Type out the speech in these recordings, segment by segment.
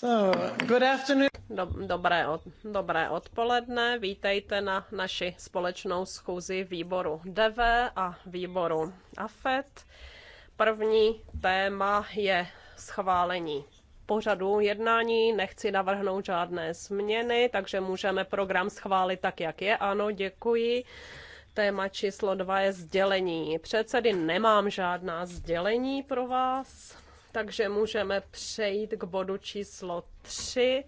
So, good afternoon. Dobré, od, dobré odpoledne, vítejte na naši společnou schůzi výboru DV a výboru AFET. První téma je schválení pořadu jednání, nechci navrhnout žádné změny, takže můžeme program schválit tak, jak je. Ano, děkuji. Téma číslo dva je sdělení. Předsedy nemám žádná sdělení pro vás takže můžeme přejít k bodu číslo 3.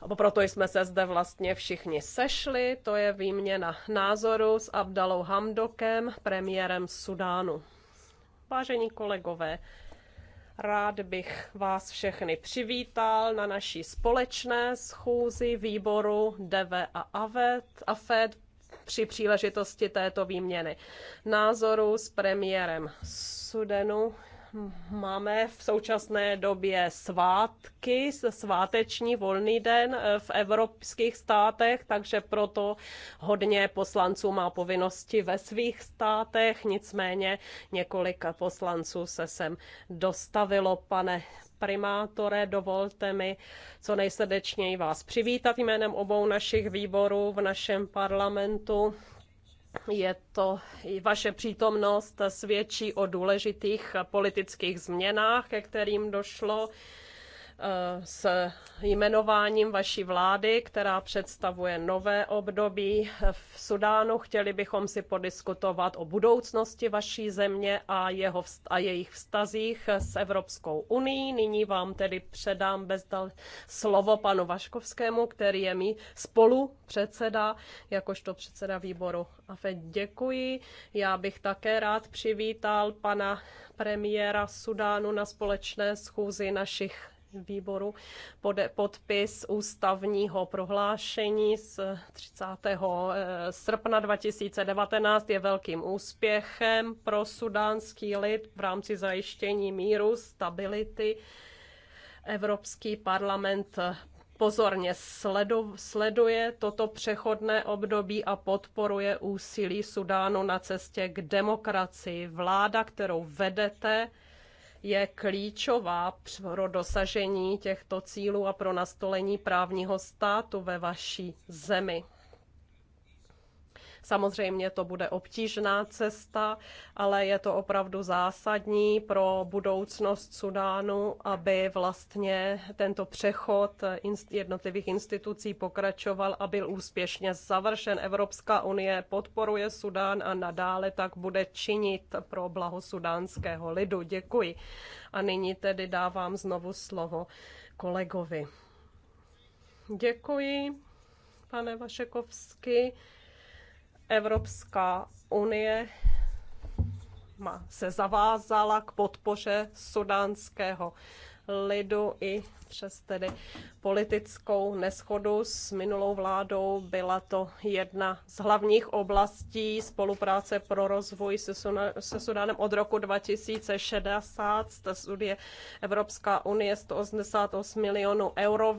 A proto jsme se zde vlastně všichni sešli, to je výměna názoru s Abdalou Hamdokem, premiérem Sudánu. Vážení kolegové, rád bych vás všechny přivítal na naší společné schůzi výboru DV a AVET, AFED při příležitosti této výměny názoru s premiérem Sudenu Máme v současné době svátky, sváteční volný den eh, v evropských státech, takže proto hodně poslanců má povinnosti ve svých státech, nicméně několik poslanců se sem dostavilo. Pane primátore, dovolte mi co nejsrdečněji vás přivítat jménem obou našich výborů v našem parlamentu je to, vaše přítomnost svědčí o důležitých politických změnách, ke kterým došlo s jmenováním vaší vlády, která představuje nové období v Sudánu. Chtěli bychom si podiskutovat o budoucnosti vaší země a, jeho, a jejich vztazích s Evropskou unii. Nyní vám tedy předám bezdal slovo panu Vaškovskému, který je mi spolu předseda, jakožto předseda výboru. A děkuji. Já bych také rád přivítal pana premiéra Sudánu na společné schůzi našich výboru podpis ústavního prohlášení z 30. Eh, srpna 2019 je velkým úspěchem pro sudánský lid v rámci zajištění míru, stability. Evropský parlament pozorně sleduje toto přechodné období a podporuje úsilí Sudánu na cestě k demokracii. Vláda, kterou vedete, je klíčová pro dosažení těchto cílů a pro nastolení právního státu ve vaší zemi. Samozřejmě to bude obtížná cesta, ale je to opravdu zásadní pro budoucnost Sudánu, aby vlastně tento přechod jednotlivých institucí pokračoval a byl úspěšně završen. Evropská unie podporuje Sudán a nadále tak bude činit pro blaho sudánského lidu. Děkuji. A nyní tedy dávám znovu slovo kolegovi. Děkuji, pane Vašekovsky. Evropská unie se zavázala k podpoře sudánského lidu i přes tedy politickou neschodu s minulou vládou byla to jedna z hlavních oblastí spolupráce pro rozvoj se Sudánem od roku 2060. Ta studie Evropská unie 188 milionů euro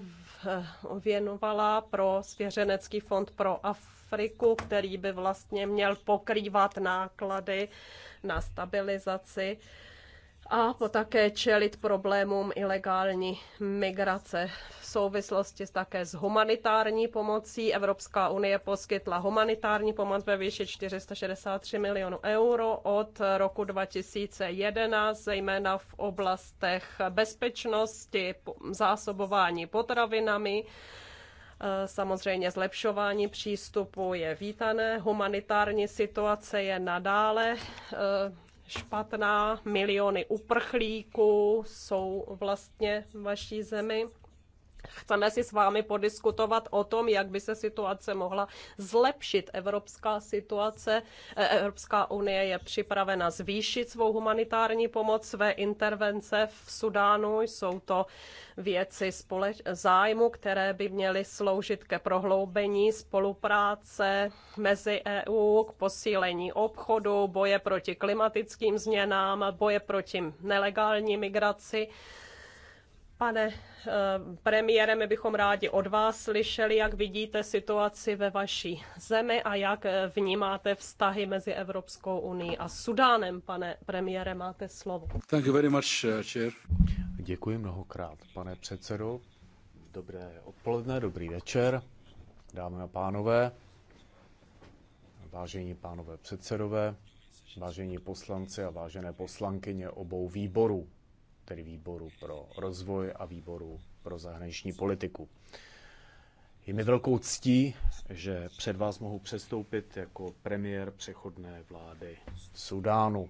Eh, věnovala pro svěřenecký fond pro Afriku, který by vlastně měl pokrývat náklady na stabilizaci a také čelit problémům ilegální migrace. V souvislosti také s humanitární pomocí Evropská unie poskytla humanitární pomoc ve výši 463 milionů euro od roku 2011, zejména v oblastech bezpečnosti, zásobování potravinami, e, Samozřejmě zlepšování přístupu je vítané, humanitární situace je nadále e, špatná, miliony uprchlíků jsou vlastně v vaší zemi. Chceme si s vámi podiskutovat o tom, jak by se situace mohla zlepšit. Evropská situace, e, Evropská unie je připravena zvýšit svou humanitární pomoc, své intervence v Sudánu. Jsou to věci společ- zájmu, které by měly sloužit ke prohloubení spolupráce mezi EU, k posílení obchodu, boje proti klimatickým změnám, boje proti nelegální migraci. Pane eh, premiére, my bychom rádi od vás slyšeli, jak vidíte situaci ve vaší zemi a jak eh, vnímáte vztahy mezi Evropskou unii a Sudánem. Pane premiére, máte slovo. Thank you very much, eh, chair. Děkuji mnohokrát, pane předsedo. Dobré odpoledne, dobrý večer, dámy a pánové, vážení pánové předsedové, vážení poslanci a vážené poslankyně obou výborů tedy výboru pro rozvoj a výboru pro zahraniční politiku. Je mi velkou ctí, že před vás mohu přestoupit jako premiér přechodné vlády Sudánu.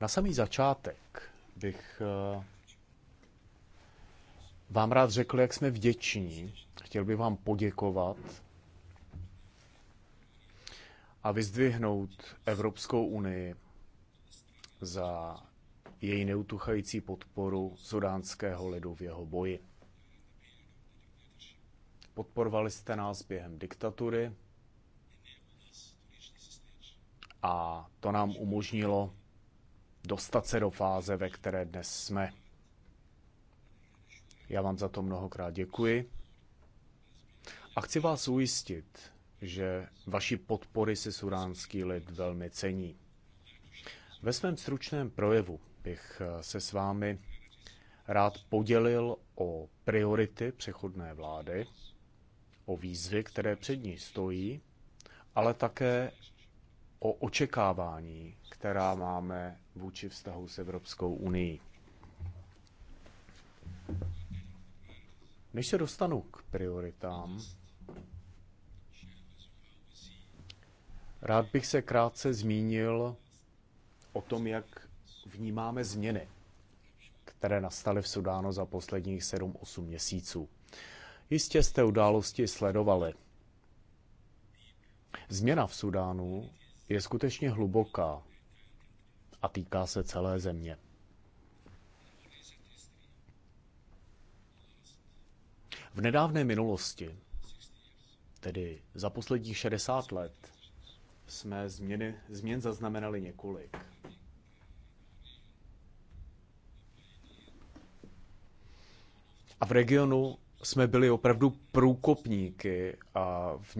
Na samý začátek bych eh, vám rád řekl, jak jsme vděční. Chtěl bych vám poděkovat a vyzdvihnout Evropskou unii za její neutuchající podporu sudánského lidu v jeho boji. Podporovali jste nás během diktatury a to nám umožnilo dostat se do fáze, ve které dnes jsme. Já vám za to mnohokrát děkuji a chci vás ujistit, že vaši podpory si suránský lid velmi cení. Ve svém stručném projevu bych eh, se s vámi rád podělil o priority přechodné vlády, o výzvy, které před ní stojí, ale také o očekávání, která máme vůči vztahu s Evropskou unii. Než se dostanu k prioritám, rád bych se krátce zmínil o tom, jak Vnímáme změny, které nastaly v Sudánu za posledních 7-8 měsíců. Jistě jste události sledovali. Změna v Sudánu je skutečně hluboká a týká se celé země. V nedávné minulosti, tedy za posledních 60 let, jsme změny, změn zaznamenali několik. A v regionu jsme byli opravdu průkopníky a v,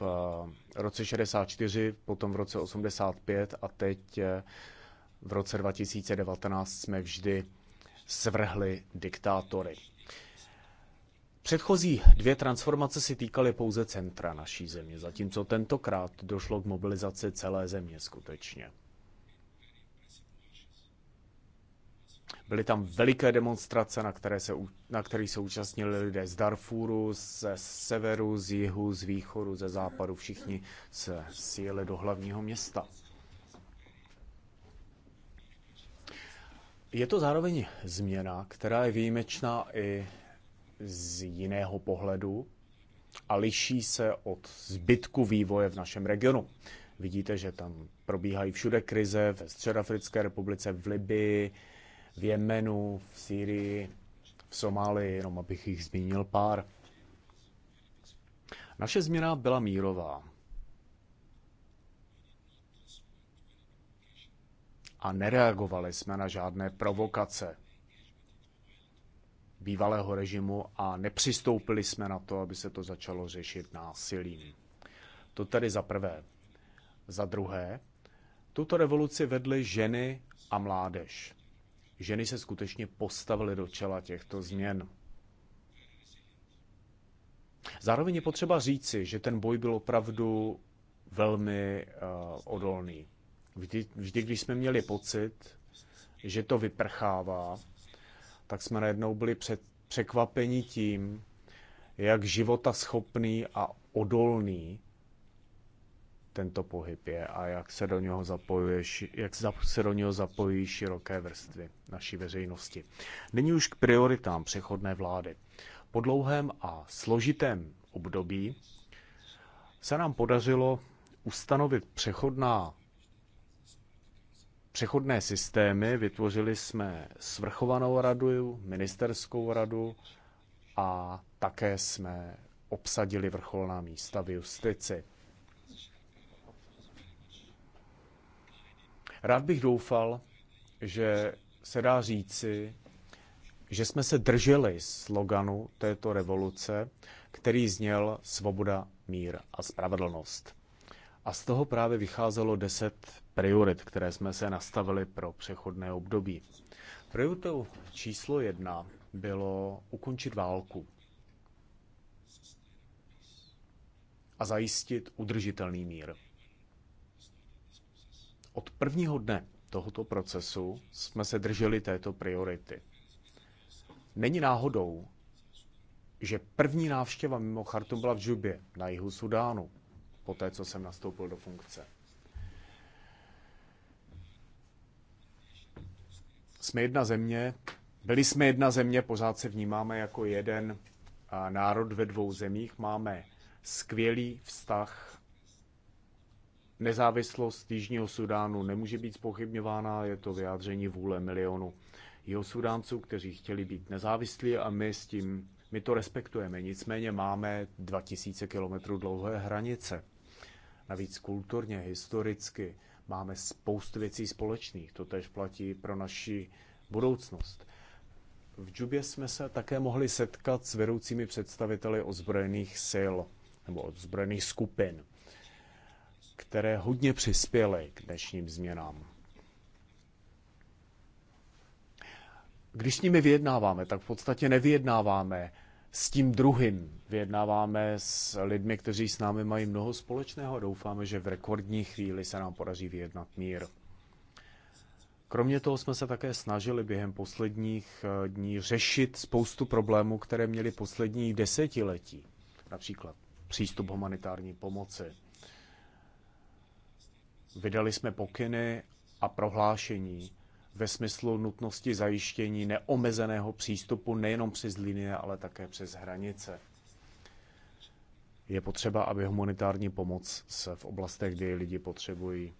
v eh, roce 64, potom v roce 85 a teď eh, v roce 2019 jsme vždy svrhli diktátory. Předchozí dvě transformace si týkaly pouze centra naší země, zatímco tentokrát došlo k mobilizaci celé země skutečně. Byly tam veliké demonstrace, na, které se, na který se účastnili lidé z Darfuru, ze severu, z jihu, z východu, ze západu. Všichni se sjeli do hlavního města. Je to zároveň změna, která je výjimečná i z jiného pohledu a liší se od zbytku vývoje v našem regionu. Vidíte, že tam probíhají všude krize, ve Středoafrické republice, v Libii, v Jemenu, v Sýrii, v Somálii, jenom abych jich zmínil pár. Naše změna byla mírová. A nereagovali jsme na žádné provokace bývalého režimu a nepřistoupili jsme na to, aby se to začalo řešit násilím. To tedy za prvé. Za druhé, tuto revoluci vedly ženy a mládež ženy se skutečně postavily do čela těchto změn. Zároveň je potřeba říci, že ten boj byl opravdu velmi uh, odolný. Vždy, vždy, když jsme měli pocit, že to vyprchává, tak jsme najednou byli před, překvapeni tím, jak života schopný a odolný tento pohyb je a jak se do něho, zapojuješ, jak se do něho zapojí široké vrstvy naší veřejnosti. Nyní už k prioritám přechodné vlády. Po dlouhém a složitém období se nám podařilo ustanovit přechodná přechodné systémy. Vytvořili jsme svrchovanou radu, ministerskou radu a také jsme obsadili vrcholná místa v justici. Rád bych doufal, že se dá říci, že jsme se drželi sloganu této revoluce, který zněl svoboda, mír a spravedlnost. A z toho právě vycházelo deset priorit, které jsme se nastavili pro přechodné období. Prioritou číslo jedna bylo ukončit válku a zajistit udržitelný mír. Od prvního dne tohoto procesu jsme se drželi této priority. Není náhodou, že první návštěva mimo Chartum byla v Džubě na jihu Sudánu, po té, co jsem nastoupil do funkce. Jsme jedna země, byli jsme jedna země, pořád se vnímáme jako jeden národ ve dvou zemích, máme skvělý vztah Nezávislost Jižního Sudánu nemůže být spochybňována, je to vyjádření vůle milionu jeho Sudánců, kteří chtěli být nezávislí a my s tím, my to respektujeme. Nicméně máme 2000 km dlouhé hranice. Navíc kulturně, historicky máme spoustu věcí společných. To tež platí pro naši budoucnost. V Džubě jsme se také mohli setkat s vedoucími představiteli ozbrojených sil nebo ozbrojených skupin které hodně přispěly k dnešním změnám. Když s nimi vyjednáváme, tak v podstatě nevyjednáváme s tím druhým. Vyjednáváme s lidmi, kteří s námi mají mnoho společného. Doufáme, že v rekordní chvíli se nám podaří vyjednat mír. Kromě toho jsme se také snažili během posledních eh, dní řešit spoustu problémů, které měly poslední desetiletí. Například přístup humanitární pomoci, Vydali jsme pokyny a prohlášení ve smyslu nutnosti zajištění neomezeného přístupu nejenom přes linie, ale také přes hranice. Je potřeba, aby humanitární pomoc se v oblastech, kde ji lidi potřebují,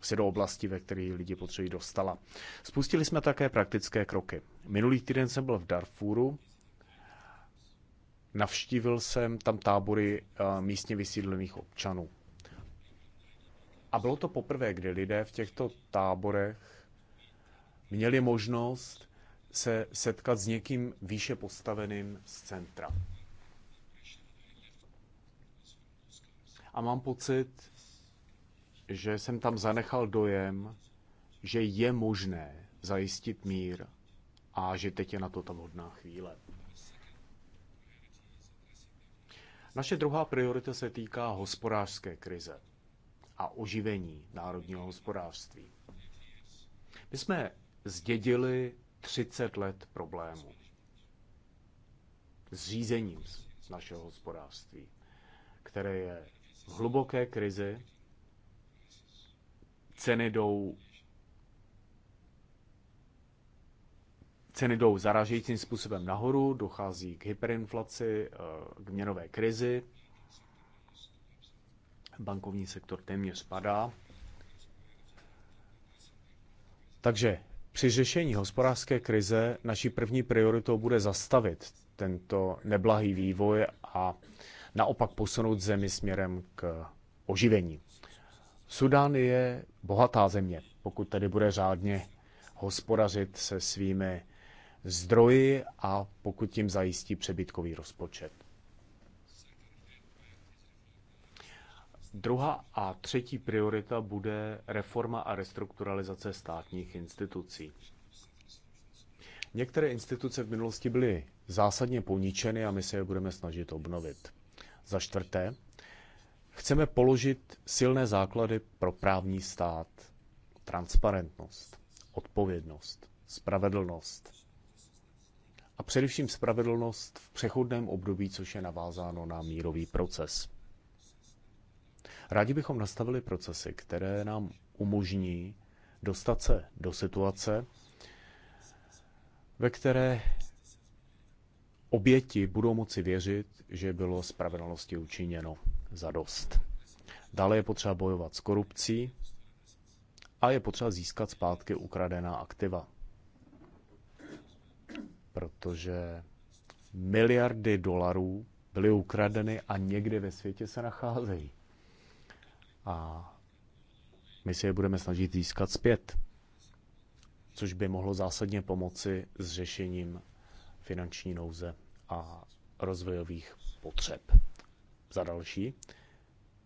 se do oblasti, ve které lidi potřebují, dostala. Spustili jsme také praktické kroky. Minulý týden jsem byl v Darfuru, navštívil jsem tam tábory eh, místně vysídlených občanů. A bylo to poprvé, kdy lidé v těchto táborech měli možnost se setkat s někým výše postaveným z centra. A mám pocit, že jsem tam zanechal dojem, že je možné zajistit mír a že teď je na to ta vhodná chvíle. Naše druhá priorita se týká hospodářské krize a oživení národního hospodářství. My jsme zdědili 30 let problému s řízením našeho hospodářství, které je v hluboké krizi, ceny jdou ceny jdou zaražejícím způsobem nahoru, dochází k hyperinflaci, eh, k měnové krizi, bankovní sektor téměř spadá. Takže při řešení hospodářské krize naší první prioritou bude zastavit tento neblahý vývoj a naopak posunout zemi směrem k oživení. Sudán je bohatá země, pokud tedy bude řádně hospodařit se svými zdroji a pokud tím zajistí přebytkový rozpočet. Druhá a třetí priorita bude reforma a restrukturalizace státních institucí. Některé instituce v minulosti byly zásadně poničeny a my se je budeme snažit obnovit. Za čtvrté, chceme položit silné základy pro právní stát, transparentnost, odpovědnost, spravedlnost a především spravedlnost v přechodném období, což je navázáno na mírový proces. Rádi bychom nastavili procesy, které nám umožní dostat se do situace, ve které oběti budou moci věřit, že bylo spravedlnosti učiněno za dost. Dále je potřeba bojovat s korupcí a je potřeba získat zpátky ukradená aktiva. Protože miliardy dolarů byly ukradeny a někde ve světě se nacházejí a my se je budeme snažit získat zpět, což by mohlo zásadně pomoci s řešením finanční nouze a rozvojových potřeb. Za další,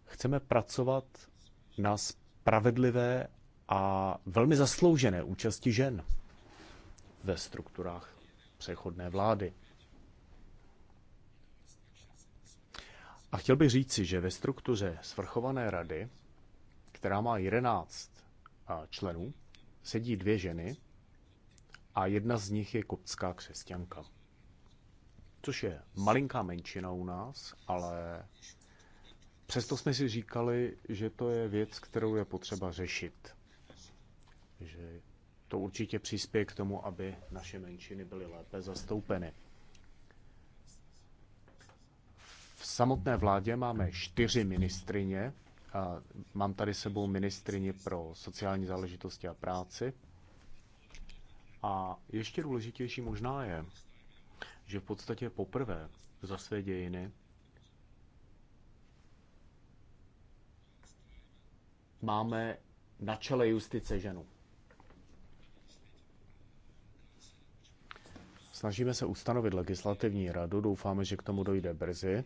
chceme pracovat na spravedlivé a velmi zasloužené účasti žen ve strukturách přechodné vlády. A chtěl bych říci, že ve struktuře svrchované rady, která má 11 členů, sedí dvě ženy a jedna z nich je koptská křesťanka. Což je malinká menšina u nás, ale přesto jsme si říkali, že to je věc, kterou je potřeba řešit. Že to určitě přispěje k tomu, aby naše menšiny byly lépe zastoupeny. V samotné vládě máme čtyři ministrině. A mám tady sebou ministrině pro sociální záležitosti a práci. A ještě důležitější možná je, že v podstatě poprvé za své dějiny máme na čele justice ženu. Snažíme se ustanovit legislativní radu, doufáme, že k tomu dojde brzy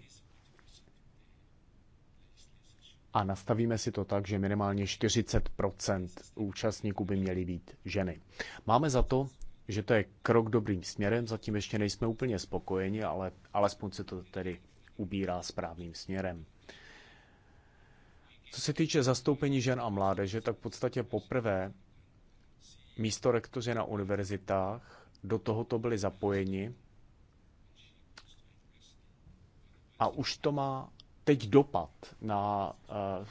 a nastavíme si to tak, že minimálně 40 účastníků by měly být ženy. Máme za to, že to je krok dobrým směrem, zatím ještě nejsme úplně spokojeni, ale alespoň se to tedy ubírá správným směrem. Co se týče zastoupení žen a mládeže, tak v podstatě poprvé místo rektoře na univerzitách do tohoto byli zapojeni a už to má teď dopad na eh,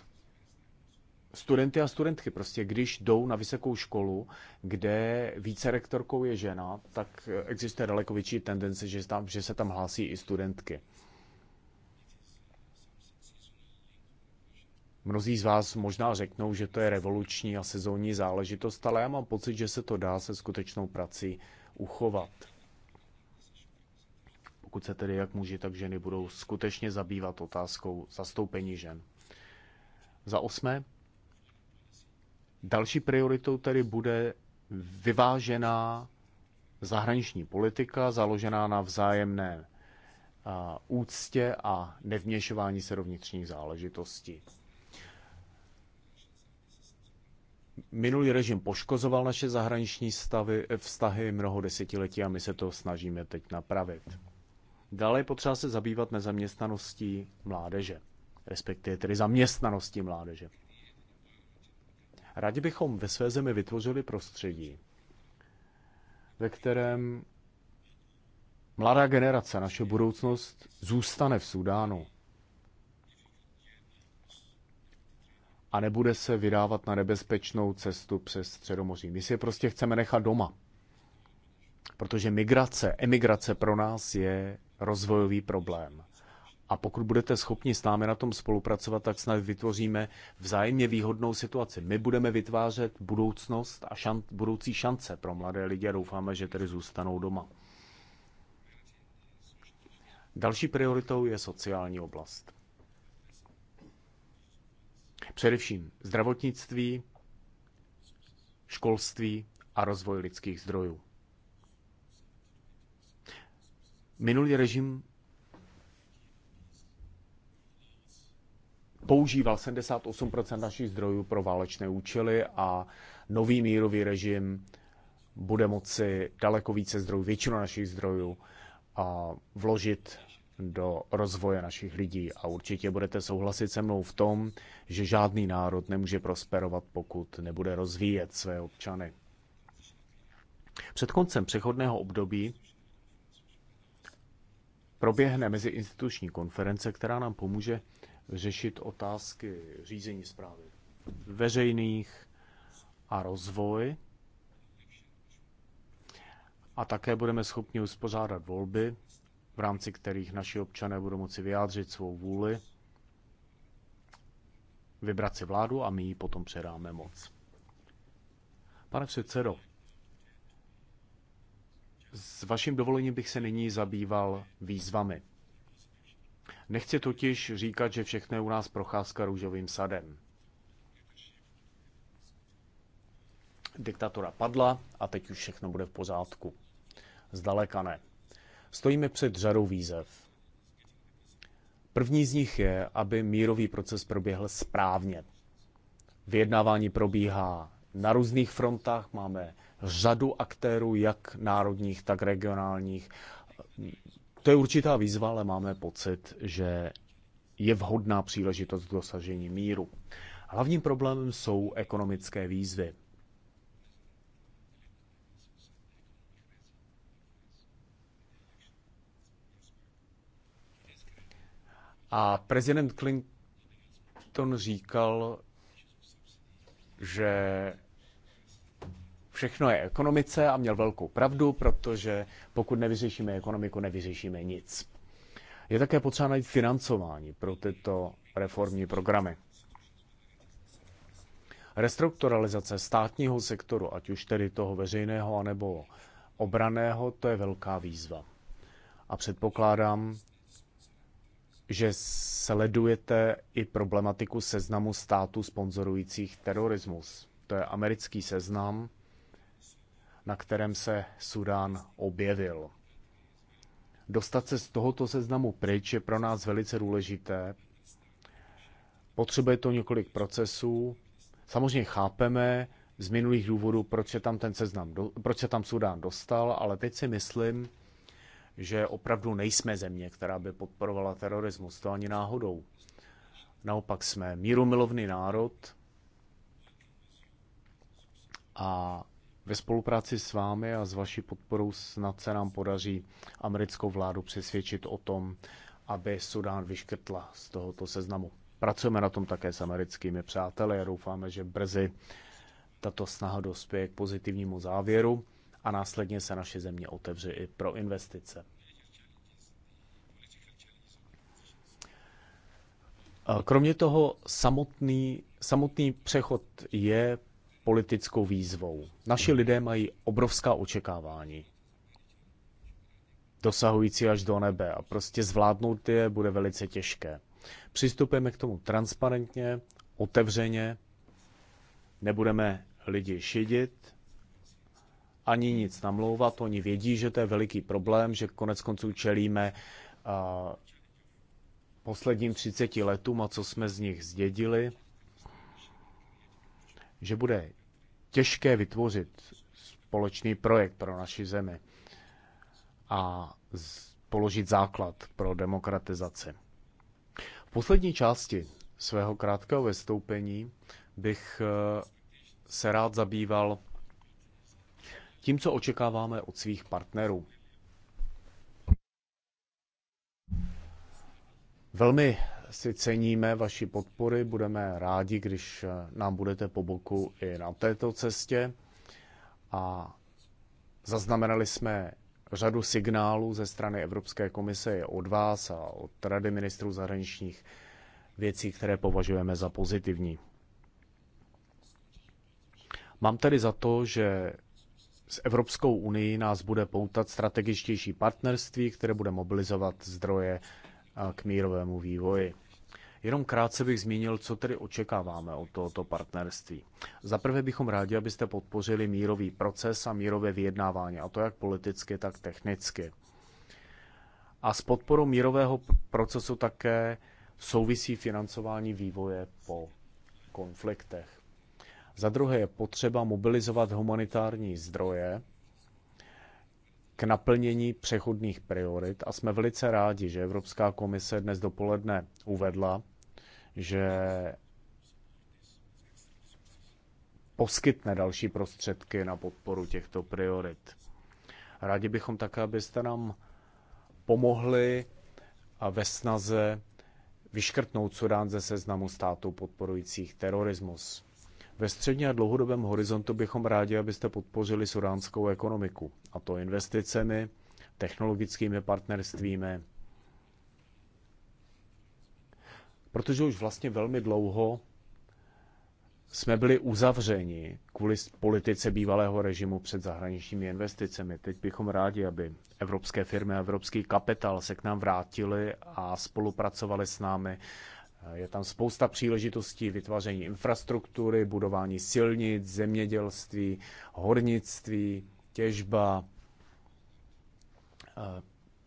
studenty a studentky. Prostě když jdou na vysokou školu, kde více rektorkou je žena, tak eh, existuje daleko větší tendence, že, tam, že se tam hlásí i studentky. Mnozí z vás možná řeknou, že to je revoluční a sezónní záležitost, ale já mám pocit, že se to dá se skutečnou prací uchovat pokud se tedy jak muži, tak ženy budou skutečně zabývat otázkou zastoupení žen. Za osmé, další prioritou tedy bude vyvážená zahraniční politika, založená na vzájemné úctě a nevměšování se do vnitřních záležitostí. Minulý režim poškozoval naše zahraniční stavy, e, vztahy mnoho desetiletí a my se to snažíme teď napravit. Dále je potřeba se zabývat nezaměstnaností mládeže, respektive tedy zaměstnaností mládeže. Rádi bychom ve své zemi vytvořili prostředí, ve kterém mladá generace, naše budoucnost, zůstane v Sudánu a nebude se vydávat na nebezpečnou cestu přes Středomoří. My si je prostě chceme nechat doma, protože migrace, emigrace pro nás je rozvojový problém. A pokud budete schopni s námi na tom spolupracovat, tak snad vytvoříme vzájemně výhodnou situaci. My budeme vytvářet budoucnost a šan, budoucí šance pro mladé lidi a doufáme, že tedy zůstanou doma. Další prioritou je sociální oblast. Především zdravotnictví, školství a rozvoj lidských zdrojů. Minulý režim používal 78% našich zdrojů pro válečné účely a nový mírový režim bude moci daleko více zdrojů, většinu našich zdrojů a vložit do rozvoje našich lidí. A určitě budete souhlasit se mnou v tom, že žádný národ nemůže prosperovat, pokud nebude rozvíjet své občany. Před koncem přechodného období proběhne meziinstituční konference, která nám pomůže řešit otázky řízení zprávy veřejných a rozvoj. A také budeme schopni uspořádat volby, v rámci kterých naši občané budou moci vyjádřit svou vůli, vybrat si vládu a my ji potom předáme moc. Pane předsedo, s vaším dovolením bych se nyní zabýval výzvami. Nechci totiž říkat, že všechno je u nás procházka růžovým sadem. Diktatura padla a teď už všechno bude v pořádku. Zdaleka ne. Stojíme před řadou výzev. První z nich je, aby mírový proces proběhl správně. Vyjednávání probíhá na různých frontách, máme řadu aktérů, jak národních, tak regionálních. To je určitá výzva, ale máme pocit, že je vhodná příležitost k dosažení míru. Hlavním problémem jsou ekonomické výzvy. A prezident Clinton říkal, že všechno je ekonomice a měl velkou pravdu, protože pokud nevyřešíme ekonomiku, nevyřešíme nic. Je také potřeba najít financování pro tyto reformní programy. Restrukturalizace státního sektoru, ať už tedy toho veřejného anebo obraného, to je velká výzva. A předpokládám, že sledujete i problematiku seznamu států sponzorujících terorismus. To je americký seznam, na kterém se Sudán objevil. Dostat se z tohoto seznamu pryč je pro nás velice důležité. Potřebuje to několik procesů. Samozřejmě chápeme z minulých důvodů, proč se tam ten seznam, proč se tam Sudán dostal, ale teď si myslím, že opravdu nejsme země, která by podporovala terorismus. To ani náhodou. Naopak jsme mírumilovný národ a ve spolupráci s vámi a s vaší podporou snad se nám podaří americkou vládu přesvědčit o tom, aby Sudán vyškrtla z tohoto seznamu. Pracujeme na tom také s americkými přáteli a doufáme, že brzy tato snaha dospěje k pozitivnímu závěru a následně se naše země otevře i pro investice. Kromě toho samotný, samotný přechod je politickou výzvou. Naši lidé mají obrovská očekávání, dosahující až do nebe a prostě zvládnout je bude velice těžké. Přistupujeme k tomu transparentně, otevřeně, nebudeme lidi šidit, ani nic namlouvat, oni vědí, že to je veliký problém, že konec konců čelíme posledním 30 letům a co jsme z nich zdědili že bude těžké vytvořit společný projekt pro naši zemi a položit základ pro demokratizaci. V poslední části svého krátkého vystoupení bych eh, se rád zabýval tím, co očekáváme od svých partnerů. Velmi si ceníme vaší podpory, budeme rádi, když nám budete po boku i na této cestě. A zaznamenali jsme řadu signálů ze strany Evropské komise od vás a od Rady ministrů zahraničních věcí, které považujeme za pozitivní. Mám tedy za to, že s Evropskou unii nás bude poutat strategičtější partnerství, které bude mobilizovat zdroje k mírovému vývoji. Jenom krátce bych zmínil, co tedy očekáváme od tohoto partnerství. Za prvé bychom rádi, abyste podpořili mírový proces a mírové vyjednávání, a to jak politicky, tak technicky. A s podporou mírového procesu také souvisí financování vývoje po konfliktech. Za druhé je potřeba mobilizovat humanitární zdroje, k naplnění přechodných priorit a jsme velice rádi, že Evropská komise dnes dopoledne uvedla, že poskytne další prostředky na podporu těchto priorit. Rádi bychom také, abyste nám pomohli a ve snaze vyškrtnout Sudán ze seznamu států podporujících terorismus. Ve středně a dlouhodobém horizontu bychom rádi, abyste podpořili suránskou ekonomiku, a to investicemi, technologickými partnerstvími, protože už vlastně velmi dlouho jsme byli uzavřeni kvůli politice bývalého režimu před zahraničními investicemi. Teď bychom rádi, aby evropské firmy a evropský kapitál se k nám vrátili a spolupracovali s námi je tam spousta příležitostí vytváření infrastruktury, budování silnic, zemědělství, hornictví, těžba. Eh,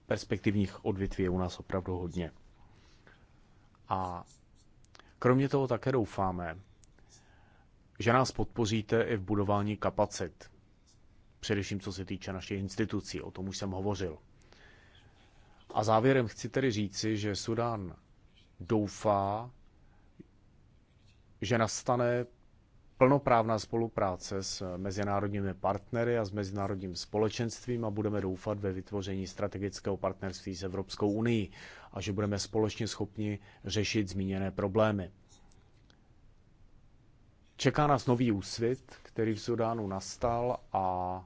perspektivních odvětví je u nás opravdu hodně. A kromě toho také doufáme, že nás podpoříte i v budování kapacit, především co se týče našich institucí, o tom už jsem hovořil. A závěrem chci tedy říci, že Sudán doufá, že nastane plnoprávná spolupráce s mezinárodními partnery a s mezinárodním společenstvím a budeme doufat ve vytvoření strategického partnerství s Evropskou unii a že budeme společně schopni řešit zmíněné problémy. Čeká nás nový úsvit, který v Sudánu nastal a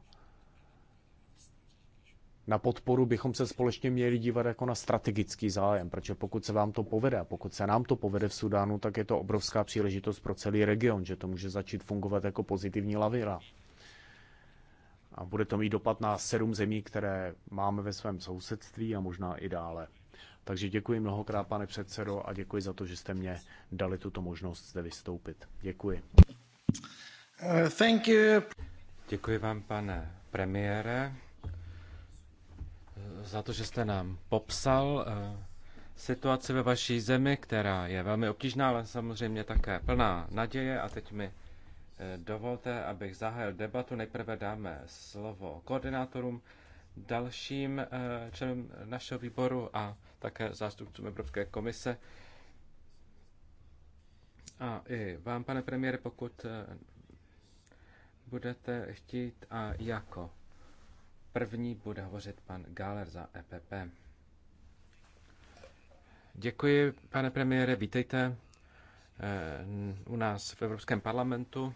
na podporu bychom se společně měli dívat jako na strategický zájem, protože pokud se vám to povede a pokud se nám to povede v Sudánu, tak je to obrovská příležitost pro celý region, že to může začít fungovat jako pozitivní lavira. A bude to mít dopad na sedm zemí, které máme ve svém sousedství a možná i dále. Takže děkuji mnohokrát, pane předsedo, a děkuji za to, že jste mě dali tuto možnost zde vystoupit. Děkuji. Uh, thank you. Děkuji vám, pane premiére za to, že jste nám popsal eh, situaci ve vaší zemi, která je velmi obtížná, ale samozřejmě také plná naděje. A teď mi eh, dovolte, abych zahájil debatu. Nejprve dáme slovo koordinátorům, dalším eh, členům našeho výboru a také zástupcům Evropské komise. A i vám, pane premiére, pokud budete chtít a jako První bude hovořit pan Gáler za EPP. Děkuji, pane premiére, vítejte eh, u nás v Evropském parlamentu.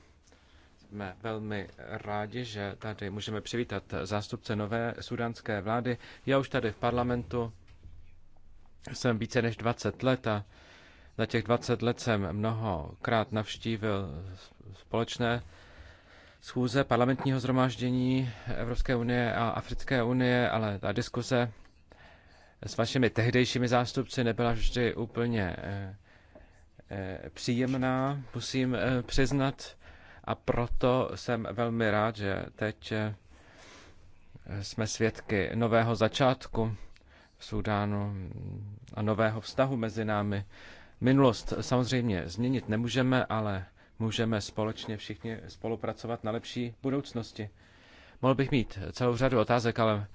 Jsme velmi rádi, že tady můžeme přivítat zástupce nové sudánské vlády. Já už tady v parlamentu jsem více než 20 let a za těch 20 let jsem mnohokrát navštívil společné schůze parlamentního zhromáždění Evropské unie a Africké unie, ale ta diskuze s vašimi tehdejšími zástupci nebyla vždy úplně eh, eh, příjemná, musím eh, přiznat. A proto jsem velmi rád, že teď jsme svědky nového začátku v Sudánu a nového vztahu mezi námi. Minulost samozřejmě změnit nemůžeme, ale můžeme společně všichni spolupracovat na lepší budoucnosti. Mohl bych mít celou řadu otázek, ale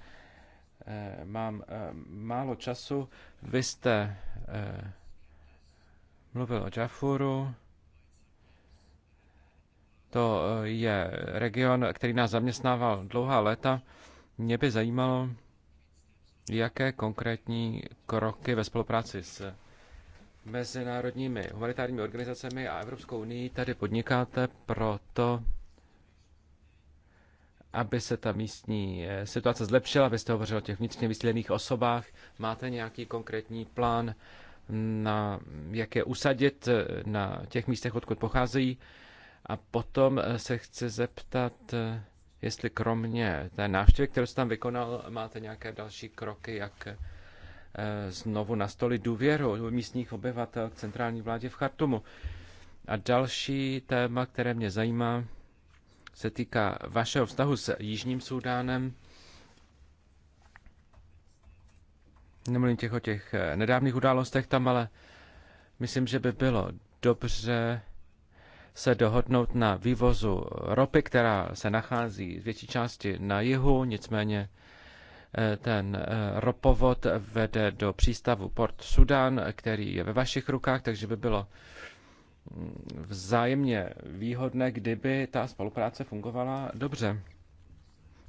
eh, mám eh, málo času. Vy jste eh, mluvil o Jafuru. To je region, který nás zaměstnával dlouhá léta. Mě by zajímalo, jaké konkrétní kroky ve spolupráci s mezinárodními humanitárními organizacemi a Evropskou unii tady podnikáte proto, aby se ta místní eh, situace zlepšila. abyste jste hovořil o těch vnitřně vysílených osobách. Máte nějaký konkrétní plán, na, jak je usadit eh, na těch místech, odkud pocházejí? A potom eh, se chci zeptat, jestli kromě té návštěvy, kterou jste tam vykonal, máte nějaké další kroky, jak Eh, znovu nastolit důvěru místních obyvatel k centrální vládě v Chartumu. A další téma, které mě zajímá, se týká vašeho vztahu s Jižním Súdánem. Nemluvím těch o těch eh, nedávných událostech tam, ale myslím, že by bylo dobře se dohodnout na vývozu ropy, která se nachází z větší části na jihu, nicméně Eh, ten eh, ropovod vede do přístavu Port Sudan, který je ve vašich rukách, takže by bylo mm, vzájemně výhodné, kdyby ta spolupráce fungovala dobře,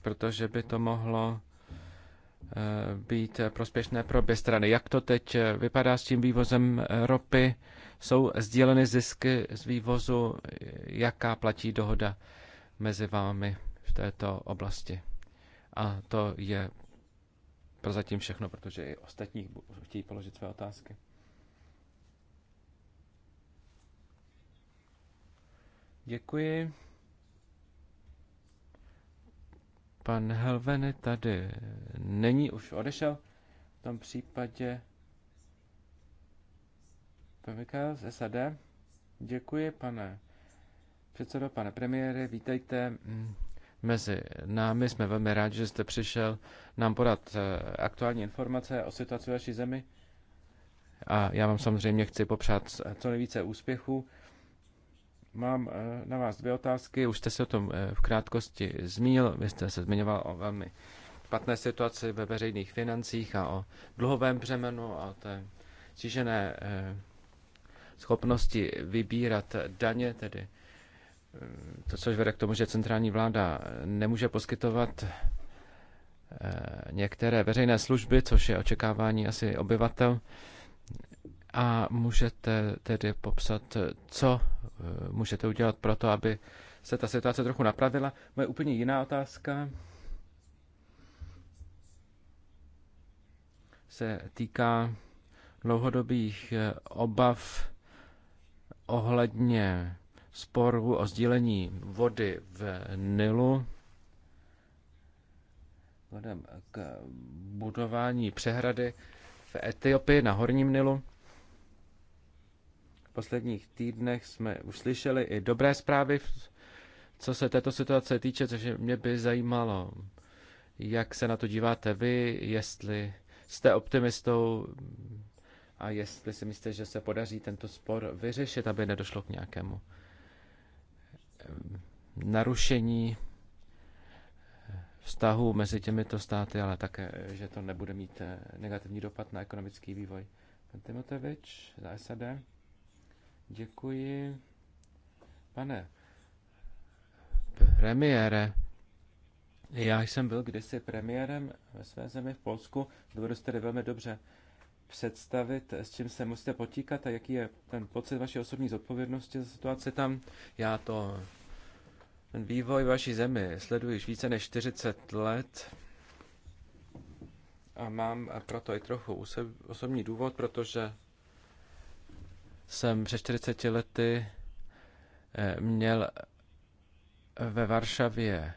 protože by to mohlo eh, být prospěšné pro obě strany. Jak to teď vypadá s tím vývozem ropy? Jsou sdíleny zisky z vývozu? Jaká platí dohoda mezi vámi v této oblasti? A to je prozatím všechno, protože i ostatní chtějí položit své otázky. Děkuji. Pan Helveny tady není, už odešel. V tom případě Pavika z SAD. Děkuji, pane předsedo, pane premiére, vítejte. Mm mezi námi. Jsme velmi rádi, že jste přišel nám podat eh, aktuální informace o situaci v vaší zemi. A já vám samozřejmě chci popřát eh, co nejvíce úspěchů. Mám eh, na vás dvě otázky. Už jste se o tom v krátkosti zmínil. Vy jste se zmiňoval o velmi špatné situaci ve veřejných financích a o dluhovém břemenu a o té stížené schopnosti vybírat daně, tedy to, což vede k tomu, že centrální vláda nemůže poskytovat eh, některé veřejné služby, což je očekávání asi obyvatel. A můžete tedy popsat, co eh, můžete udělat pro to, aby se ta situace trochu napravila. Moje úplně jiná otázka se týká dlouhodobých eh, obav ohledně sporu o sdílení vody v Nilu vzhledem k budování přehrady v Etiopii na Horním Nilu. V posledních týdnech jsme uslyšeli i dobré zprávy, co se této situace týče, což mě by zajímalo, jak se na to díváte vy, jestli jste optimistou a jestli si myslíte, že se podaří tento spor vyřešit, aby nedošlo k nějakému narušení vztahu mezi těmito státy, ale také, že to nebude mít eh, negativní dopad na ekonomický vývoj. Pan Timotevič za SAD. Děkuji. Pane premiére, já jsem byl kdysi premiérem ve své zemi v Polsku, dovedu tedy velmi dobře představit, s čím se musíte potíkat a jaký je ten pocit vaší osobní zodpovědnosti za situaci tam. Já to, ten vývoj vaší zemi sleduji již více než 40 let a mám proto i trochu osobní důvod, protože jsem před 40 lety eh, měl eh, ve Varšavě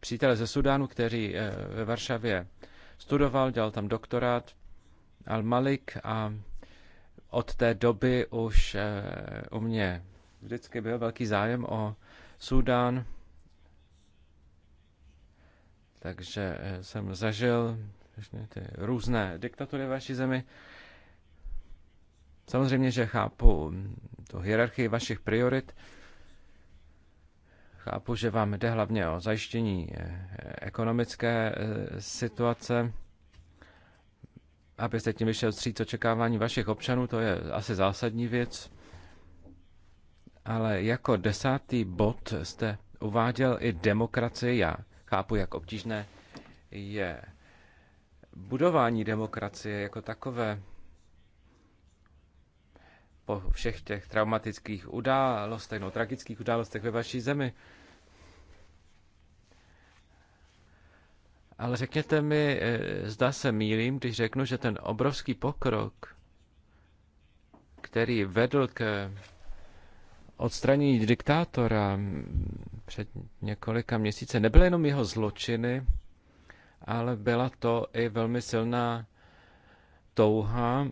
přítele ze Sudánu, který eh, ve Varšavě studoval, dělal tam doktorát al-Malik a od té doby už eh, u mě vždycky byl velký zájem o Súdán, takže eh, jsem zažil ty různé diktatury v vaší zemi. Samozřejmě, že chápu mm, tu hierarchii vašich priorit. Chápu, že vám jde hlavně o zajištění eh, ekonomické situace abyste tím vyšel vstříc očekávání vašich občanů, to je asi zásadní věc. Ale jako desátý bod jste uváděl i demokracii. Já chápu, jak obtížné je budování demokracie jako takové po všech těch traumatických událostech, no tragických událostech ve vaší zemi. Ale řekněte mi, eh, zda se mílím, když řeknu, že ten obrovský pokrok, který vedl k odstranění diktátora před několika měsíce, nebyly jenom jeho zločiny, ale byla to i velmi silná touha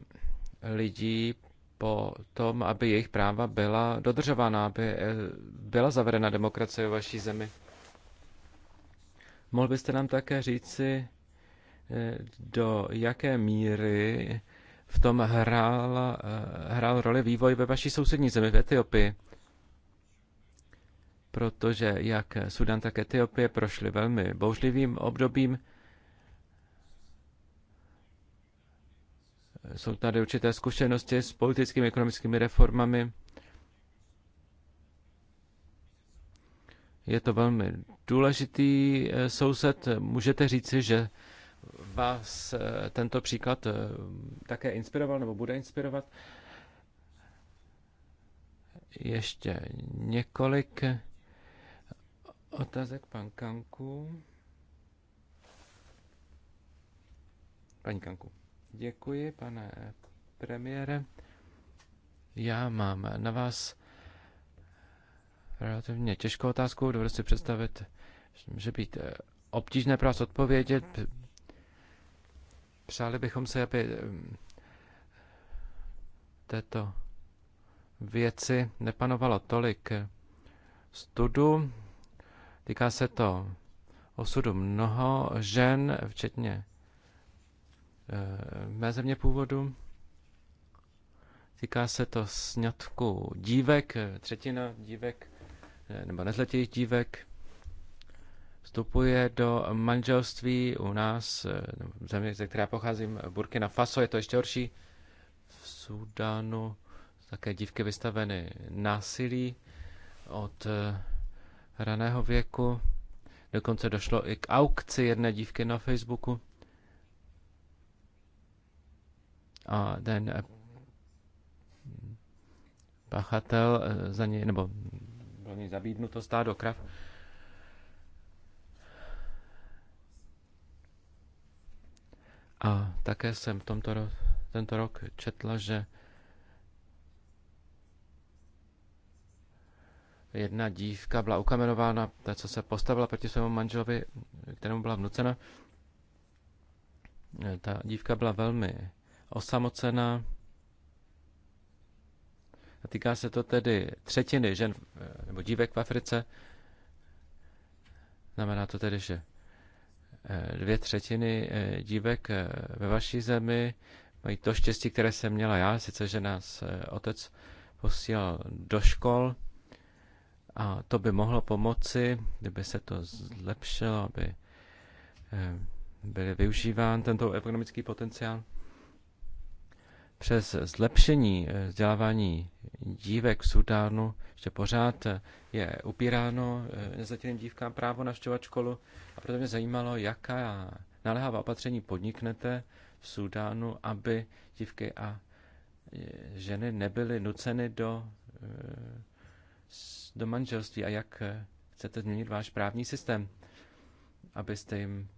lidí po tom, aby jejich práva byla dodržována, aby eh, byla zavedena demokracie v vaší zemi. Mohl byste nám také říci, eh, do jaké míry v tom hrál, eh, hrál roli vývoj ve vaší sousední zemi, v Etiopii? Protože jak Sudan, tak Etiopie prošly velmi bouřlivým obdobím. Jsou tady určité zkušenosti s politickými ekonomickými reformami Je to velmi důležitý eh, soused. Můžete říci, že vás eh, tento příklad eh, také inspiroval nebo bude inspirovat? Ještě několik otázek pan Kanku. Paní Kanku. Děkuji, pane premiére. Já mám na vás relativně těžkou otázku. Dovedu si představit, že může být eh, obtížné pro vás odpovědět. Přáli bychom se, aby mm, této věci nepanovalo tolik eh, studu. Týká se to osudu mnoho žen, včetně eh, mé země původu. Týká se to sňatku dívek, třetina dívek Eh, nebo nezletilých dívek vstupuje do manželství u nás, eh, v země, ze které pocházím, Burkina Faso, je to ještě horší. V Sudánu také dívky vystaveny násilí od eh, raného věku. Dokonce došlo i k aukci jedné dívky na Facebooku. A ten pachatel za ně nebo bylo mi zabídnuto stát do krav. A také jsem v tomto ro- tento rok četla, že jedna dívka byla ukamenována, ta, co se postavila proti svému manželovi, kterému byla vnucena. E, ta dívka byla velmi osamocená, a týká se to tedy třetiny žen eh, nebo dívek v Africe. Znamená to tedy, že eh, dvě třetiny eh, dívek ve vaší zemi mají to štěstí, které jsem měla já, sice že nás otec posílal do škol a to by mohlo pomoci, kdyby se to zlepšilo, aby byl využíván tento ekonomický potenciál přes zlepšení eh, vzdělávání dívek v Sudánu že pořád eh, je upíráno eh, nezletilým dívkám právo navštěvovat školu. A proto mě zajímalo, jaká naléhavá opatření podniknete v Sudánu, aby dívky a ženy nebyly nuceny do, do manželství a jak chcete změnit váš právní systém, abyste jim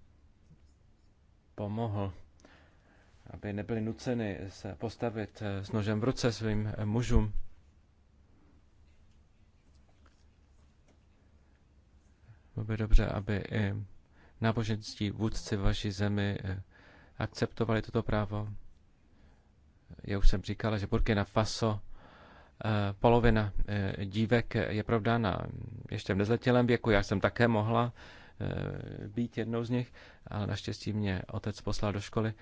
pomohl aby nebyly nuceny se postavit eh, s nožem v ruce svým eh, mužům. Bylo by dobře, aby i náboženství vůdci vaší zemi eh, akceptovali toto právo. Já už jsem říkala, že Burkina Faso polovina dívek je provdána ještě v nezletělém věku. Já jsem také mohla být jednou z nich, ale naštěstí mě otec poslal do školy.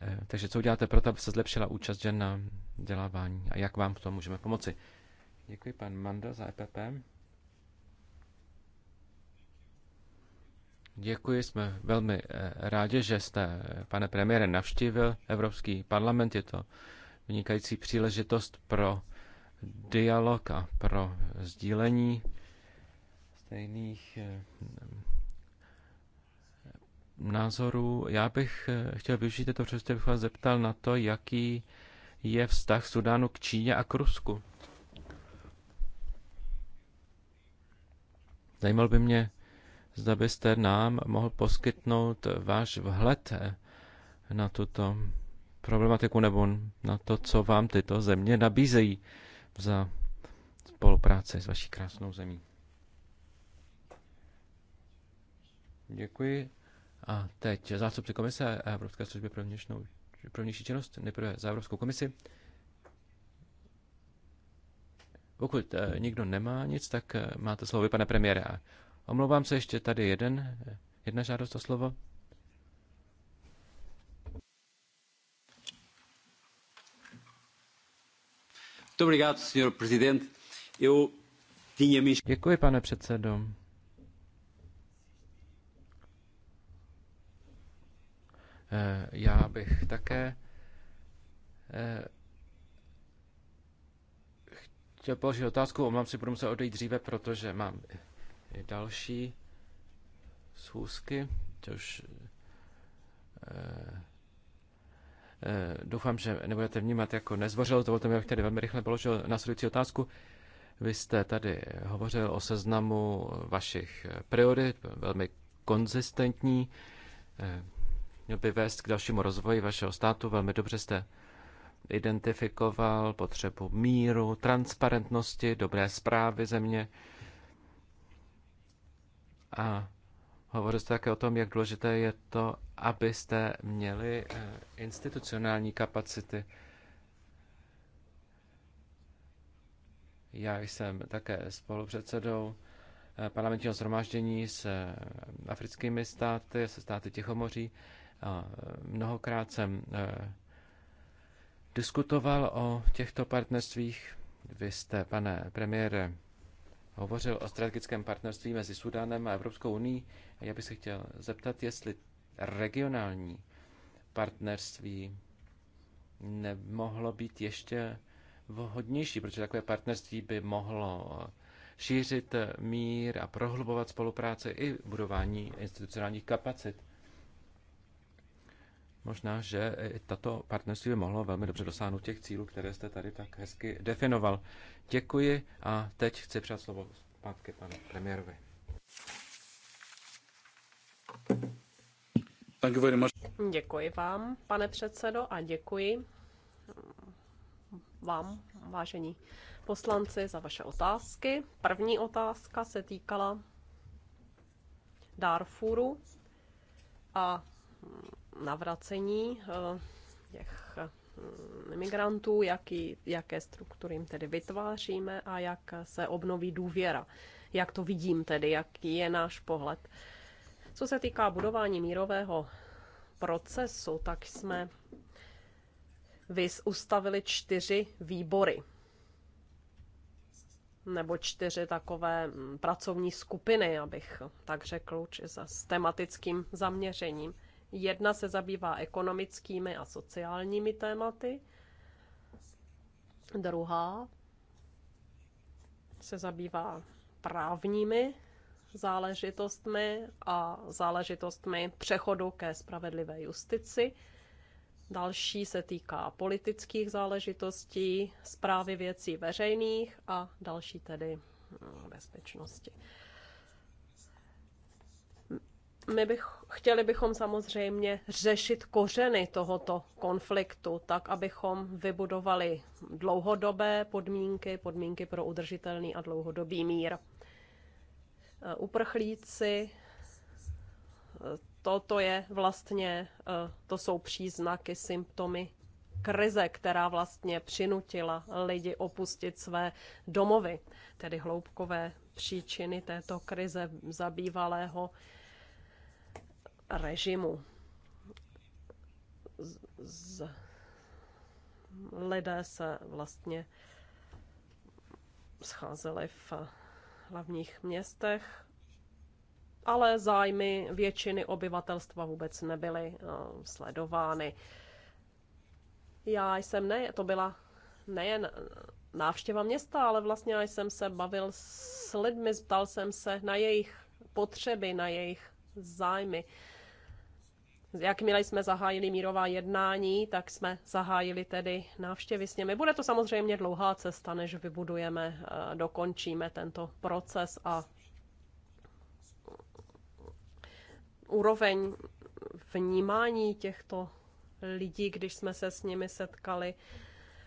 Eh, takže co uděláte pro to, aby se zlepšila účast žen na vzdělávání a jak vám v tom můžeme pomoci? Děkuji pan Manda za EPP. Děkuji, jsme velmi eh, rádi, že jste, eh, pane premiére, navštívil Evropský parlament. Je to vynikající příležitost pro dialog a pro sdílení stejných názoru. Já bych eh, chtěl využít této příležitosti, bych vás zeptal na to, jaký je vztah Sudánu k Číně a k Rusku. Zajímal by mě, zda byste nám mohl poskytnout váš vhled eh, na tuto problematiku nebo na to, co vám tyto země nabízejí za spolupráci s vaší krásnou zemí. Děkuji. A teď zástupci komise Evropské služby pro, vnějšnou, pro vnější činnost, nejprve za Evropskou komisi. Pokud eh, nikdo nemá nic, tak eh, máte slovo vy, pane premiére. Omlouvám se, ještě tady jeden, eh, jedna žádost o slovo. Děkuji, pane předsedo. Eh, já bych také eh, chtěl položit otázku, omlám si, budu muset odejít dříve, protože mám i další schůzky, což eh, doufám, že nebudete vnímat jako nezvořil, to mi, abych tady velmi rychle položil následující otázku. Vy jste tady hovořil o seznamu vašich priorit, velmi konzistentní měl by vést k dalšímu rozvoji vašeho státu. Velmi dobře jste identifikoval potřebu míru, transparentnosti, dobré zprávy země. A hovořil jste také o tom, jak důležité je to, abyste měli eh, institucionální kapacity. Já jsem také spolupředsedou eh, parlamentního zhromáždění s eh, africkými státy, se státy Tichomoří a e, mnohokrát jsem e, diskutoval o těchto partnerstvích. Vy jste, pane premiére, hovořil o strategickém partnerství mezi Sudánem a Evropskou unii. Já bych se chtěl zeptat, jestli regionální partnerství nemohlo být ještě vhodnější, protože takové partnerství by mohlo šířit mír a prohlubovat spolupráci i budování institucionálních kapacit. Možná, že tato partnerství by mohlo velmi dobře dosáhnout těch cílů, které jste tady tak hezky definoval. Děkuji a teď chci přát slovo zpátky panu premiérovi. Děkuji vám, pane předsedo, a děkuji vám, vážení poslanci, za vaše otázky. První otázka se týkala Darfuru a navracení eh, těch mm, imigrantů, jaký, jaké struktury jim tedy vytváříme a jak se obnoví důvěra. Jak to vidím tedy, jaký je náš pohled. Co se týká budování mírového procesu, tak jsme vys ustavili čtyři výbory nebo čtyři takové mm, pracovní skupiny, abych tak řekl, či s tematickým zaměřením. Jedna se zabývá ekonomickými a sociálními tématy, druhá se zabývá právními záležitostmi a záležitostmi přechodu ke spravedlivé justici. Další se týká politických záležitostí, zprávy věcí veřejných a další tedy mm, bezpečnosti my bych, chtěli bychom samozřejmě řešit kořeny tohoto konfliktu, tak abychom vybudovali dlouhodobé podmínky, podmínky pro udržitelný a dlouhodobý mír. E, uprchlíci, e, toto je vlastně, e, to jsou příznaky, symptomy krize, která vlastně přinutila lidi opustit své domovy, tedy hloubkové příčiny této krize zabývalého režimu. Z, z, lidé se vlastně scházeli v hlavních městech, ale zájmy většiny obyvatelstva vůbec nebyly eh, sledovány. Já jsem ne, to byla nejen návštěva města, ale vlastně já jsem se bavil s lidmi, ptal jsem se na jejich potřeby, na jejich zájmy jakmile jsme zahájili mírová jednání, tak jsme zahájili tedy návštěvy s nimi. Bude to samozřejmě dlouhá cesta, než vybudujeme, eh, dokončíme tento proces a úroveň vnímání těchto lidí, když jsme se s nimi setkali,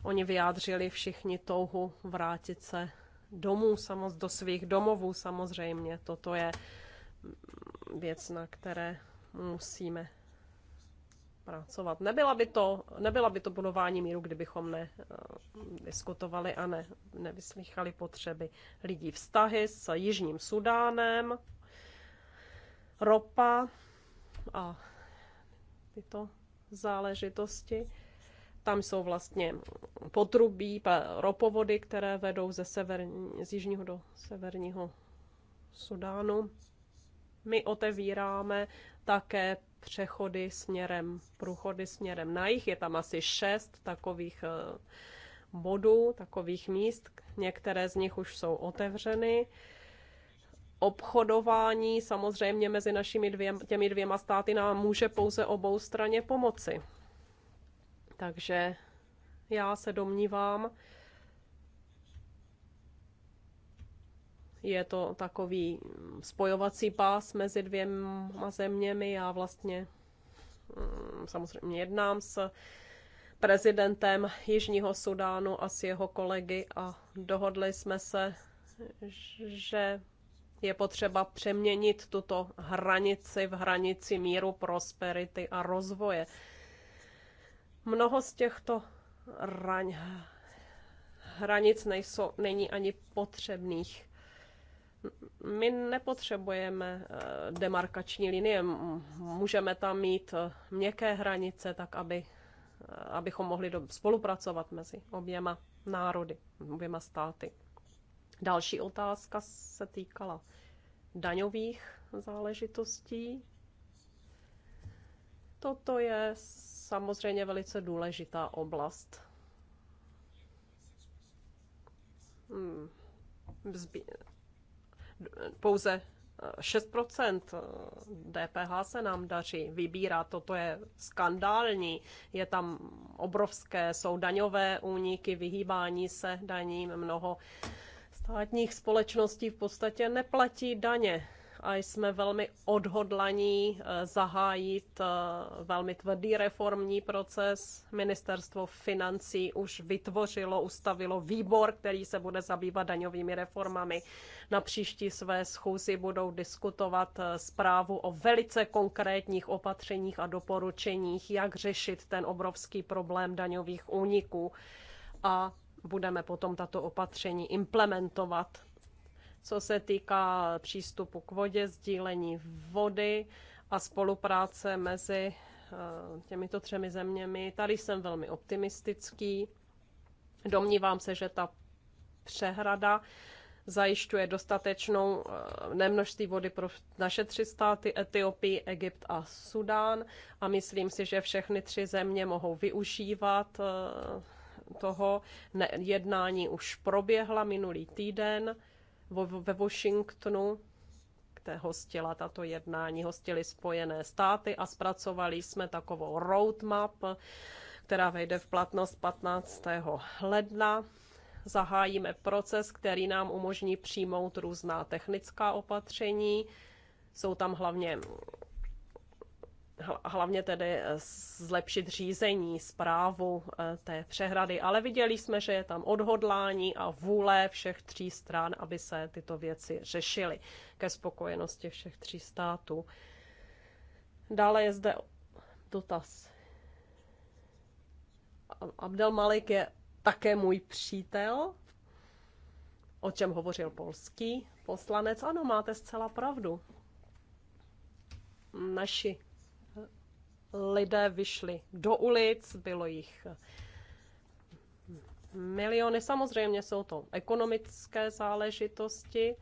oni vyjádřili všichni touhu vrátit se domů, do svých domovů samozřejmě. Toto je věc, na které musíme pracovat. Nebyla by to, nebyla by to budování míru, kdybychom ne eh, diskutovali a ne, nevyslychali potřeby lidí. Vztahy s Jižním Sudánem, ropa a tyto záležitosti. Tam jsou vlastně potrubí, ropovody, které vedou ze severní, z jižního do severního Sudánu. My otevíráme také přechody směrem, průchody směrem na jich. Je tam asi šest takových eh, bodů, takových míst. Některé z nich už jsou otevřeny. Obchodování samozřejmě mezi našimi dvě, těmi dvěma státy nám může pouze obou straně pomoci. Takže já se domnívám, je to takový spojovací pás mezi dvěma zeměmi. Já vlastně mm, samozřejmě jednám s prezidentem Jižního Sudánu a s jeho kolegy a dohodli jsme se, že je potřeba přeměnit tuto hranici v hranici míru, prosperity a rozvoje. Mnoho z těchto hranic nejsou, není ani potřebných my nepotřebujeme eh, demarkační linie, můžeme tam mít eh, měkké hranice, tak aby, eh, abychom mohli spolupracovat mezi oběma národy, oběma státy. Další otázka se týkala daňových záležitostí. Toto je samozřejmě velice důležitá oblast. Hmm pouze 6% eh, eh, DPH se nám daří vybírat, toto je skandální, je tam obrovské, jsou daňové úniky, vyhýbání se daním, mnoho státních společností v podstatě neplatí daně a jsme velmi odhodlaní eh, zahájit eh, velmi tvrdý reformní proces. Ministerstvo financí už vytvořilo, ustavilo výbor, který se bude zabývat daňovými reformami. Na příští své schůzi budou diskutovat eh, zprávu o velice konkrétních opatřeních a doporučeních, jak řešit ten obrovský problém daňových úniků. A budeme potom tato opatření implementovat co se týká přístupu k vodě, sdílení vody a spolupráce mezi eh, těmito třemi zeměmi. Tady jsem velmi optimistický. Domnívám se, že ta přehrada zajišťuje dostatečnou eh, nemnožství vody pro naše tři státy, Etiopii, Egypt a Sudán. A myslím si, že všechny tři země mohou využívat eh, toho. Jednání už proběhla minulý týden ve Washingtonu, kde hostila tato jednání, hostili Spojené státy a zpracovali jsme takovou roadmap, která vejde v platnost 15. ledna. Zahájíme proces, který nám umožní přijmout různá technická opatření. Jsou tam hlavně hlavně tedy eh, zlepšit řízení, zprávu eh, té přehrady, ale viděli jsme, že je tam odhodlání a vůle všech tří stran, aby se tyto věci řešily ke spokojenosti všech tří států. Dále je zde dotaz. Abdel Malik je také můj přítel, o čem hovořil polský poslanec. Ano, máte zcela pravdu. Naši lidé vyšli do ulic, bylo jich miliony. Samozřejmě jsou to ekonomické záležitosti.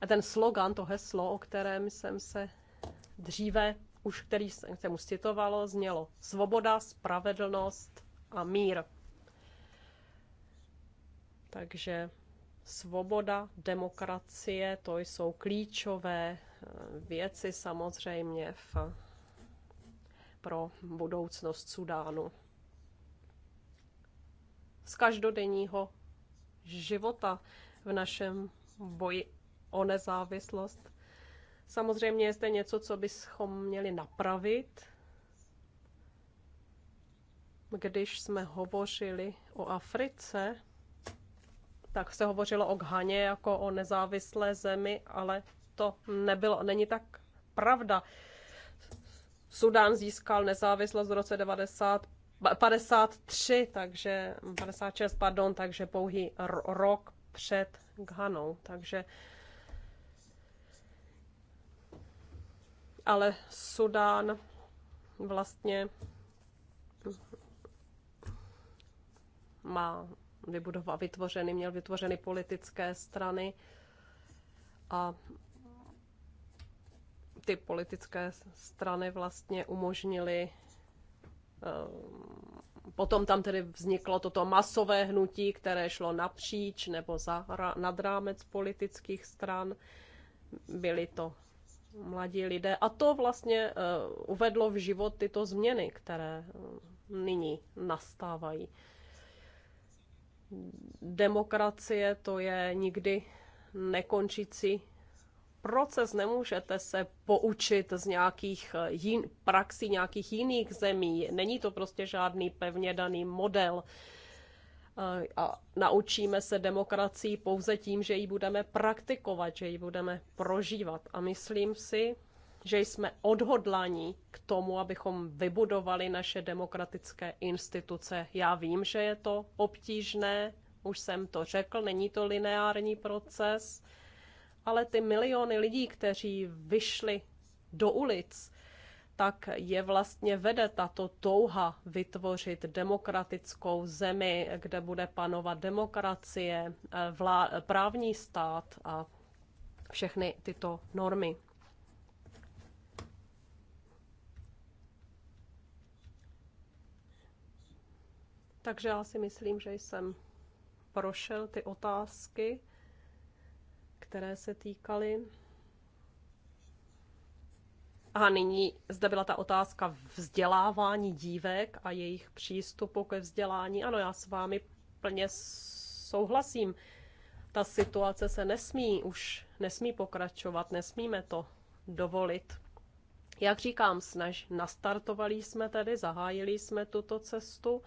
A ten slogan, to heslo, o kterém jsem se dříve už, který se mu citovalo, znělo svoboda, spravedlnost a mír. Takže svoboda, demokracie, to jsou klíčové eh, věci samozřejmě v pro budoucnost Sudánu. Z každodenního života v našem boji o nezávislost. Samozřejmě je zde něco, co bychom měli napravit, když jsme hovořili o Africe, tak se hovořilo o Ghaně jako o nezávislé zemi, ale to nebylo, není tak pravda. Sudán získal nezávislost v roce 90, 53, takže 56, pardon, takže pouhý rok před Ghanou, takže ale Sudán vlastně má vybudoval, vytvořený, měl vytvořeny politické strany a ty politické strany vlastně umožnily ehm, Potom tam tedy vzniklo toto masové hnutí, které šlo napříč nebo za, nad rámec politických stran. Byli to mladí lidé. A to vlastně eh, uvedlo v život tyto změny, které eh, nyní nastávají. Demokracie to je nikdy nekončící proces, nemůžete se poučit z nějakých eh, jin, praxí nějakých jiných zemí. Není to prostě žádný pevně daný model. Eh, a naučíme se demokracii pouze tím, že ji budeme praktikovat, že ji budeme prožívat. A myslím si, že jsme odhodlaní k tomu, abychom vybudovali naše demokratické instituce. Já vím, že je to obtížné, už jsem to řekl, není to lineární proces, ale ty miliony lidí, kteří vyšli do ulic, tak je vlastně vede tato touha vytvořit demokratickou zemi, kde bude panovat demokracie, vlá, právní stát a všechny tyto normy. Takže já si myslím, že jsem prošel ty otázky které se týkaly. A nyní zde byla ta otázka vzdělávání dívek a jejich přístupu ke vzdělání. Ano, já s vámi plně souhlasím. Ta situace se nesmí už, nesmí pokračovat, nesmíme to dovolit. Jak říkám, snaž, nastartovali jsme tedy, zahájili jsme tuto cestu.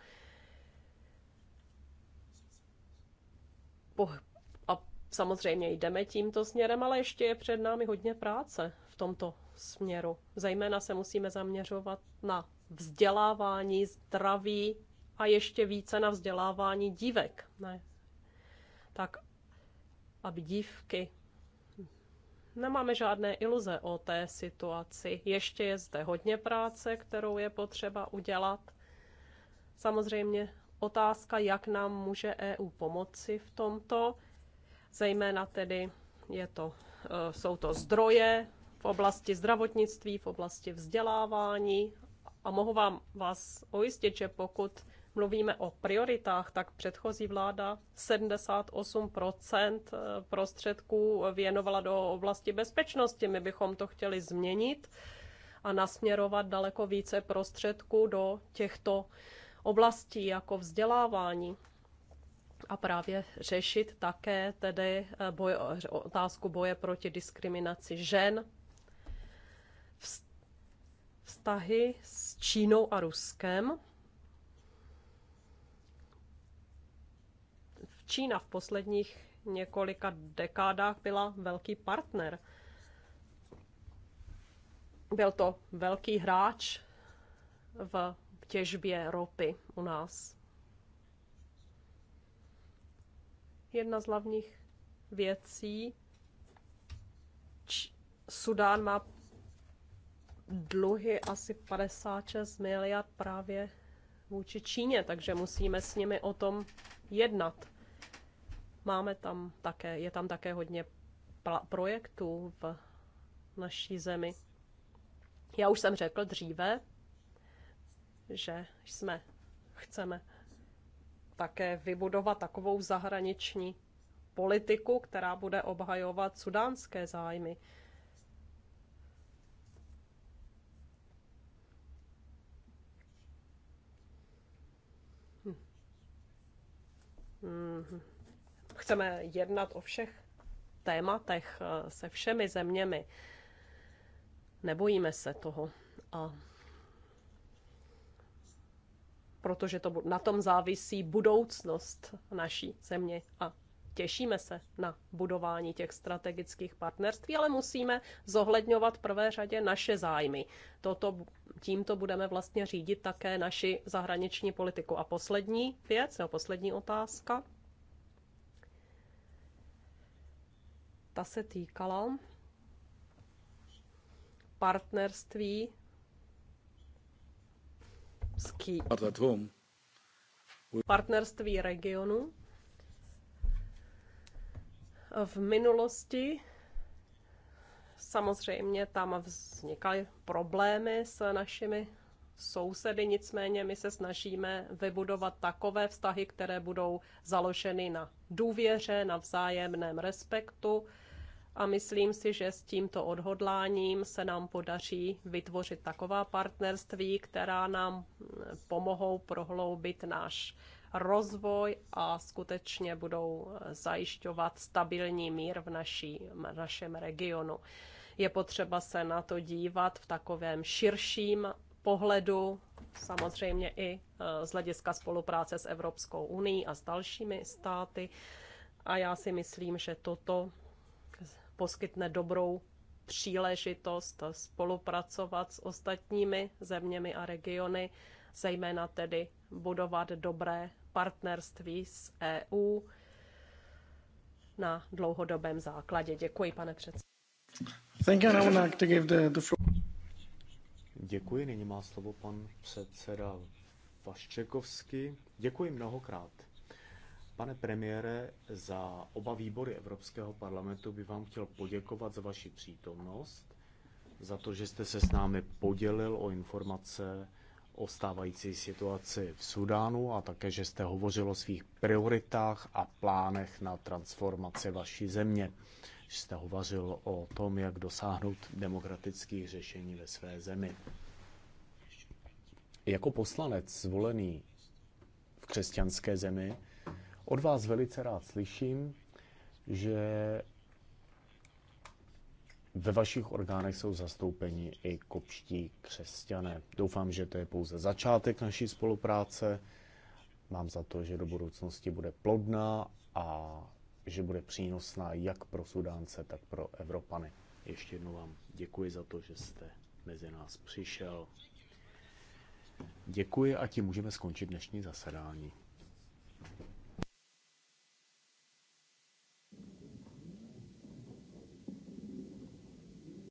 Samozřejmě jdeme tímto směrem, ale ještě je před námi hodně práce v tomto směru. Zejména se musíme zaměřovat na vzdělávání, zdraví a ještě více na vzdělávání dívek. Ne? Tak, aby dívky. Nemáme žádné iluze o té situaci. Ještě je zde hodně práce, kterou je potřeba udělat. Samozřejmě otázka, jak nám může EU pomoci v tomto Zejména tedy je to, eh, jsou to zdroje v oblasti zdravotnictví, v oblasti vzdělávání a mohu vám vás ujistit, že pokud mluvíme o prioritách, tak předchozí vláda 78 eh, prostředků věnovala do oblasti bezpečnosti. My bychom to chtěli změnit a nasměrovat daleko více prostředků do těchto oblastí, jako vzdělávání a právě řešit také tedy eh, boj, otázku boje proti diskriminaci žen, vztahy s Čínou a Ruskem. Čína v posledních několika dekádách byla velký partner. Byl to velký hráč v těžbě ropy u nás. Jedna z hlavních věcí, Č- Sudán má dluhy asi 56 miliard právě vůči Číně, takže musíme s nimi o tom jednat. Máme tam také, je tam také hodně projektů v naší zemi. Já už jsem řekl dříve, že jsme, chceme také vybudovat takovou zahraniční politiku, která bude obhajovat sudánské zájmy. Hm. Chceme jednat o všech tématech eh, se všemi zeměmi. Nebojíme se toho. A protože to, na tom závisí budoucnost naší země a těšíme se na budování těch strategických partnerství, ale musíme zohledňovat v prvé řadě naše zájmy. Toto, tímto budeme vlastně řídit také naši zahraniční politiku. A poslední věc, nebo poslední otázka, ta se týkala partnerství Partnerství regionu. V minulosti samozřejmě tam vznikaly problémy s našimi sousedy, nicméně my se snažíme vybudovat takové vztahy, které budou založeny na důvěře, na vzájemném respektu, a myslím si, že s tímto odhodláním se nám podaří vytvořit taková partnerství, která nám eh, pomohou prohloubit náš rozvoj a skutečně budou eh, zajišťovat stabilní mír v, naší, v našem regionu. Je potřeba se na to dívat v takovém širším pohledu, samozřejmě i eh, z hlediska spolupráce s Evropskou unii a s dalšími státy. A já si myslím, že toto poskytne dobrou příležitost spolupracovat s ostatními zeměmi a regiony, zejména tedy budovat dobré partnerství s EU na dlouhodobém základě. Děkuji, pane předsedající. Děkuji, nyní má slovo pan předseda Vaščekovský. Děkuji mnohokrát. Pane premiére, za oba výbory Evropského parlamentu bych vám chtěl poděkovat za vaši přítomnost, za to, že jste se s námi podělil o informace o stávající situaci v Sudánu a také, že jste hovořil o svých prioritách a plánech na transformaci vaší země. Že jste hovořil o tom, jak dosáhnout demokratických řešení ve své zemi. Jako poslanec zvolený v křesťanské zemi od vás velice rád slyším, že ve vašich orgánech jsou zastoupeni i kopští křesťané. Doufám, že to je pouze začátek naší spolupráce. Mám za to, že do budoucnosti bude plodná a že bude přínosná jak pro Sudánce, tak pro Evropany. Ještě jednou vám děkuji za to, že jste mezi nás přišel. Děkuji a tím můžeme skončit dnešní zasedání.